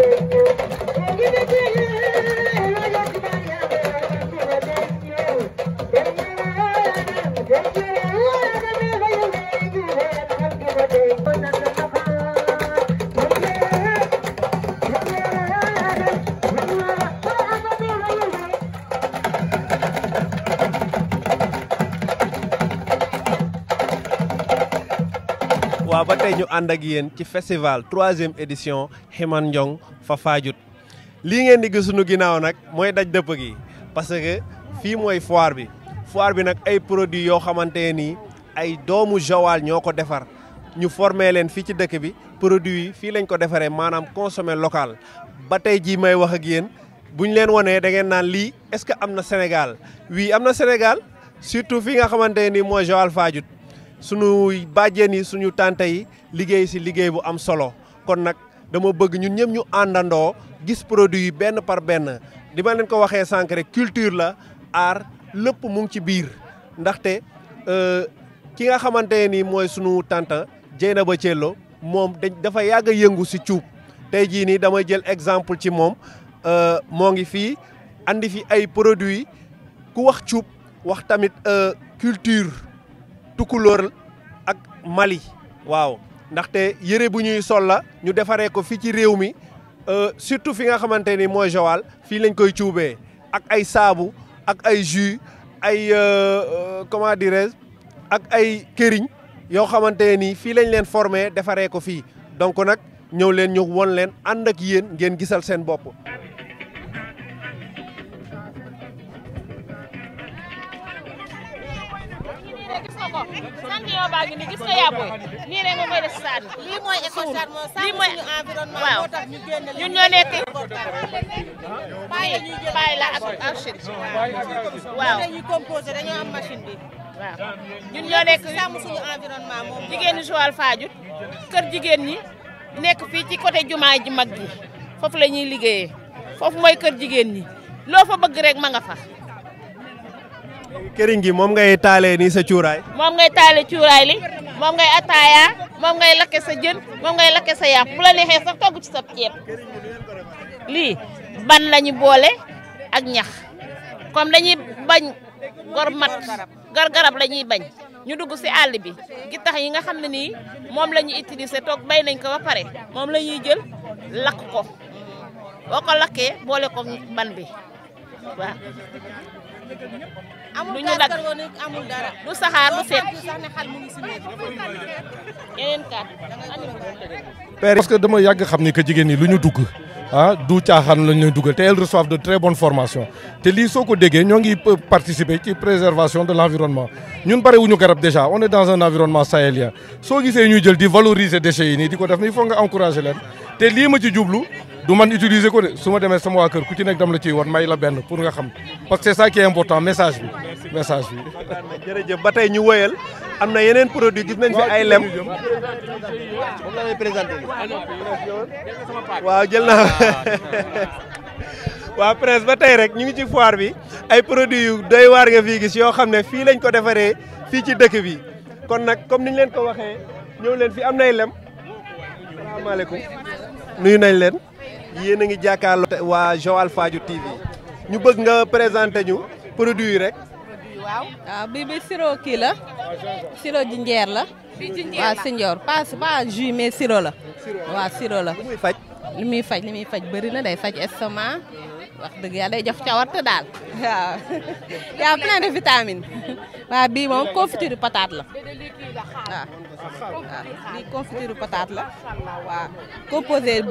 Thank you. waaw ba tey ñu ànd ak yéen ci festival troisième édition Xeman Njong fa Faajut lii ngeen di gis suñu ginnaaw nag mooy daj dëpp gi parce que fii mooy foire bi foire bi nag ay produits yoo xamante nii ay doomu Joal ñoo ko defar ñu formé leen fii ci dëkk bi produit yi fii lañ ko defaree maanaam consommé local ba tey jii may wax ak yéen bu ñu leen wanee da ngeen naan lii est-ce que am na Sénégal oui am na Sénégal surtout fii nga xamante nii mooy Joal Fadiouth suñu bàjjeen ni suñu tante yi liggéey si liggéey bu am solo kon nak dama bëgg ñun ñëpp ñu andando gis produit yi benn par benn di ma leen ko waxé sank rek culture la art lepp mu ngi ci biir ndaxte euh, ki nga xamanté ni moy sunu tante ba Thiello mom dafa yaga yëngu si cuub tay ji ni dama jël exemple ci moom euh, mo ngi fi andi fi ay produit ku wax cuub wax tamit euh, culture tukulóor ak Mali waaw ndaxte yére bu ñuy sol la ñu defaree ko fii ci réew mi euh, surtout fi nga xamante ni mooy Joal fii lañ koy cuubee ak ay saabu ak ay jus ay euh, euh, comment dirais ak ay këriñ yoo xamante nii fii lañ leen formé defaree ko fii donc nag ñëw leen ñu won leen ànd ak yéen ngeen gisal seen bopp champion baa ngi nii gis nga yàbbooy nii rek nga koy def stade lii mooy éco-charme lii mooy environnement waaw ñun ñoo nekk. nii bàyyi la ak archite. waaw dañuy composé dañoo am machine ñoo nekk sàmm suñu environnement kër jigéen ñi nekk fii ci côté jumaa ji mag ji foofu la ñuy liggéeyee foofu mooy kër jigéen ñi loo fa bëgg rek ma nga fa. këriñ gi moom ngay taalee nii sa cuuraay. moom ngay taale cuuraay li moom ngay ataaya moom ngay lakke sa jën moom ngay lakke sa yàpp bu la neexee sa togg ci sa ceeb lii ban lañu boole ak ñax comme dañuy bañ gor mat gor garab la ñuy bañ ñu dugg si àll bi gittax yi nga xam ne nii moom la ñuy utiliser toog bay nañ ko ba pare moom la jël lakk ko boo ko lakkee boole ko ban bi waaw. du ñu dagg amul dara du saxaar du seet parce que dama yag xamni ni que jigéen ñi lu dugg ah du tiaxan lañ lay duggal té elles reçoivent de très bonnes formations té li soko ko déggee ñoo ngi participer ci préservation de l'environnement ñun bari wuñu garab déjà on est dans un environnement sahélien so gisé ñu jël di valoriser déchets yi nii di ko def nii faut nga encourager leen té li ma ci djublu du man utiliser ko sama kër ku ci dam la may la pour nga parce que c'est ça qui est important message bi message bi. jël presse rek ñu ngi ci foire bi ay doy nga gis lañ ko ci dëkk bi kon comme niñ leen ko waxé ñew leen fi amna ay lem. alaykum nuyu nañ leen. yéen a ngi jàkkaarloo waa Joal Fadiouth TV ñu bëgg nga présenté ñu produit yi rek. waaw waaw ah, bii bi kii la. sirop jinjeer la. waaw sinjoor pas pas jus mais sirop la. waaw sirop la. li faj li muy faj li muy faj bëri na day faj estomac. wax dëgg yàlla day jox cawarte daal waaw. yaa plein de vitamine. waaw bii moom confiture patate la. waaw ah, ah. waaw lii confiture la waaw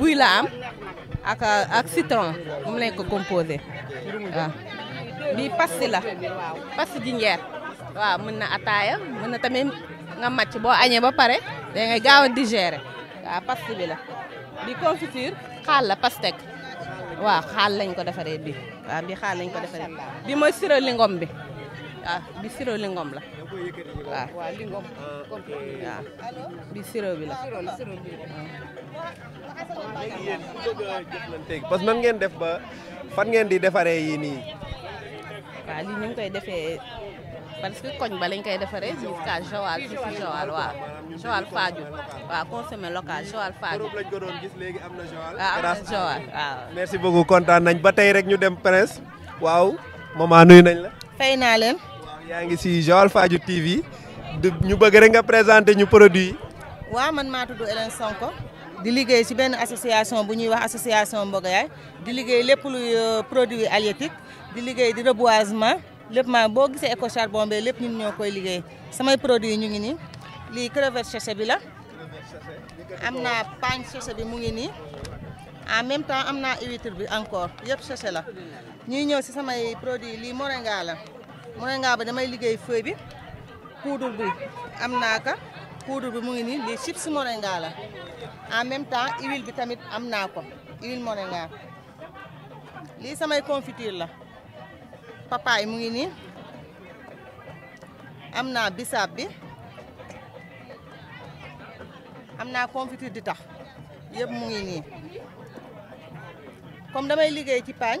buy la am ak ak citron moom lañ ko composé waaw ah. lii pasti la pasti jinjeer waaw mën na ataaya mën na tamit nga màcc boo añee ba pare da ngay gaaw a digérer waaw pasti bi la lii confiture xaal la pastèque waaw xaal lañ ko defaree bi waaw bi xaal lañ ko defaree bi mooy sirop lingom bi ah bi siro la waaw waaw li ngom bi la parce que ngeen def ba fan ngeen di defaree yii nii waaw ah, lii ñu koy defee parce que koñ ba lañ koy defaree jusqu'à Joal jusqu'à Joal waaw Joal Fadiouth waaw consommer local Joal Fadiouth Europe lañ ko doon gis léegi am Joal ah, waaw Joal merci beaucoup kontaan nañ ba tey rek ñu dem presse waaw maman nuyu nañ la fay naa yaa ngi si Joal Fadiouth TV ñu bëgg rek nga présenter ñu produit waa man maa tudd Hélène Sonko di liggéey si benn association bu ñuy wax association Mbogoyaay di liggéey lépp lu euh, produit halieutique di liggéey di reboisement lépp maa boo gisee éco charbon bi lépp ñun ñoo koy liggéey samay produit ñu ngi nii lii crevette séchée bi la am naa pagne séchée bi mu ngi nii en même temps am naa huître bi encore yëpp séchée la ñuy ñëw si samay produit lii moringa la mu ne ngaa ba damay liggéey feuille bi poudre bi am naa ka poudre bi mu ngi nii lii chips moringa la en même temps huile bi tamit am naa ko huile moringa lii samay confiture la papaay mu ngi nii am naa bisaab bi am naa confiture di tax yëpp mu ngi nii comme damay liggéey ci paañ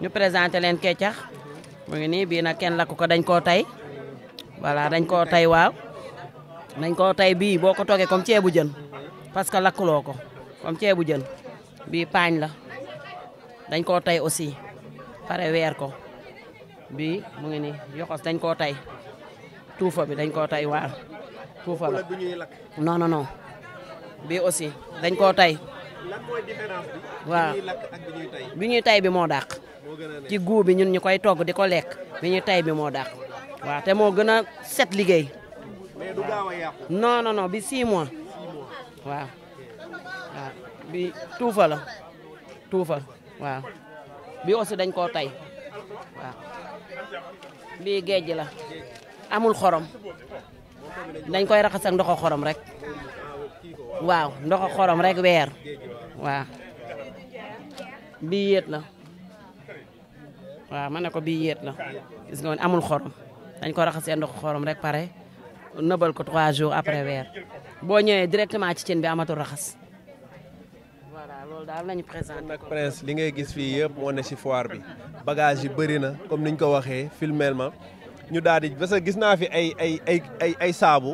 ñu présenté leen keccax mu ngi nii bii nag kenn lakk ko dañ koo tay voilà dañ koo tay waaw dañ koo tay bii boo ko toggee comme ceebu jën parce que lakkuloo ko comme ceebu jën bii paañ la dañ koo tay aussi pare weer ko bii mu ngi nii yoxos dañ koo tay tuufa bi dañ koo tay waaw tuufa la non non non bii aussi dañ koo tay lan waaw bi ñuy tay. bi moo dàq. ci guu bi ñun ñu koy togg di ko lekk. bi ñuy tay bi moo dàq. waaw te moo gën a set liggéey. mais du gaaw bi 6 mois. 6 waaw. bi tuufa la tuufa waaw bi aussi dañ koo tay waaw bii géej la amul xorom dañ koy raxasa ak ndoxu xorom rek ah, waaw ndoxu xorom rek weer waaw bii yéet la waaw ma ne ko bii yéet la gis nga woon amul xorom dañ ko raxasee ndox xorom rek pare nëbal ko trois jours boo ñëwee directement ci cin bi amatul raxas voilà loolu daal lañu présenté nag prince li ngay gis fii yëpp moo ne ci foire bi bagage yi bëri na comme niñ ko waxee filmeel ma ñu daal di gis naa fi ay ay ay saabu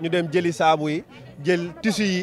ñu dem jëli saabu yi jël tissu yi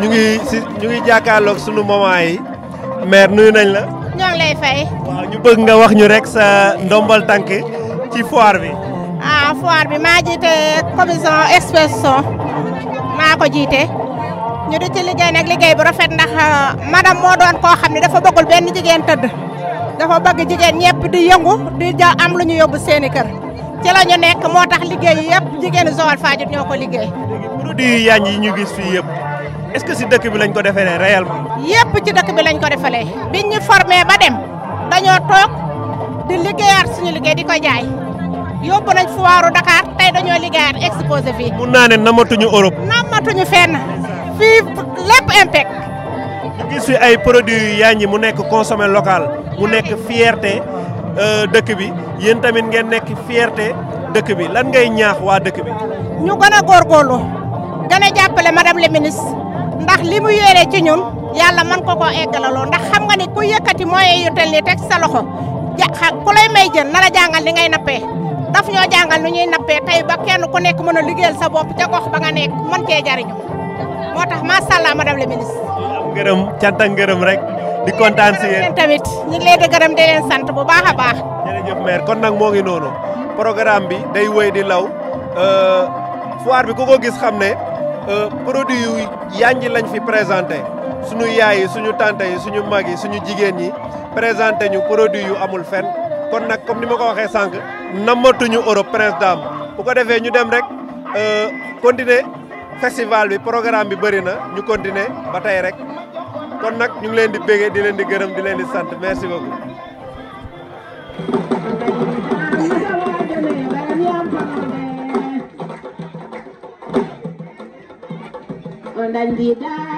ñu ngi si ñu ngi jàkkaarloog sunu moment yi maire nuyu nañ la. ñoo lay fay. waaw ñu bëgg nga wax ñu rek sa ndombal tànk ci foire bi. ah foire bi maa jiite commission expression maa ko jiite ñu di ci liggéey nag liggéey bu rafet ndax ah, madame moo doon koo xam ni dafa bëggul benn jigéen tëdd. dafa bëgg jigéen ñëpp di yëngu di ja am lu ñu yóbbu seeni kër. ci la nekk moo tax liggéey yëpp jigéenu Joal Fadiouth ñoo ko liggéey. produit yu yaañ yi ñu gis fii yëpp est-ce que si dëkk bi lañ ko defee réellement. yëpp ci dëkk bi lañ ko defalee biñ ñu formé ba dem dañoo toog di liggéeyaat suñu liggéey di ko jaay yóbbu nañ foiru Dakar tey dañoo liggéeyaat exposé fii. mun naa ne namatuñu Europe. namatuñu fenn fii lépp impact. ñu gis fi ay produits yu yaañ mu nekk consommé local mu nekk fierté. Euh, dëkk bi yéen tamit ngeen nekk fierté dëkk bi lan ngay ñaax waa dëkk bi. ñu gën a góorgóorlu gën a jàppale madame la ndax li mu yore ci ñun yàlla man ko koo egglaloo ndax xam nga ni ku yëkkati moyen yu ni teg sa loxo ja ku lay may jën na la jàngal li ngay nappee daf ñoo jàngal nu ñuy nappee tey ba kenn ku nekk mën a liggéeyal sa bopp ca gox ba nga nekk mën cee jariñu moo tax macha allah madame la ministre. am ngërëm cant rek. di kontaan si yéen tamit ñu ngi leen sant bu baax a kon nag moo ngi noonu programme bi day wéy di law euh, foire bi ku ko gis xam ne euh, produit yu yànji lañ fi présenté suñu yaay yi suñu tante yi suñu mag yi suñu jigéen ñi présenté ñu produit yu amul fenn kon nag comme ni ma ko waxee sànq nammatuñu Europe Prince Dame bu ko defee ñu dem rek euh, continuer festival bi programme bi bëri na ñu continuer ba tey rek. kon nag ñu ngi leen di béggee di leen di gërëm di leen di sant merci beaucoup. On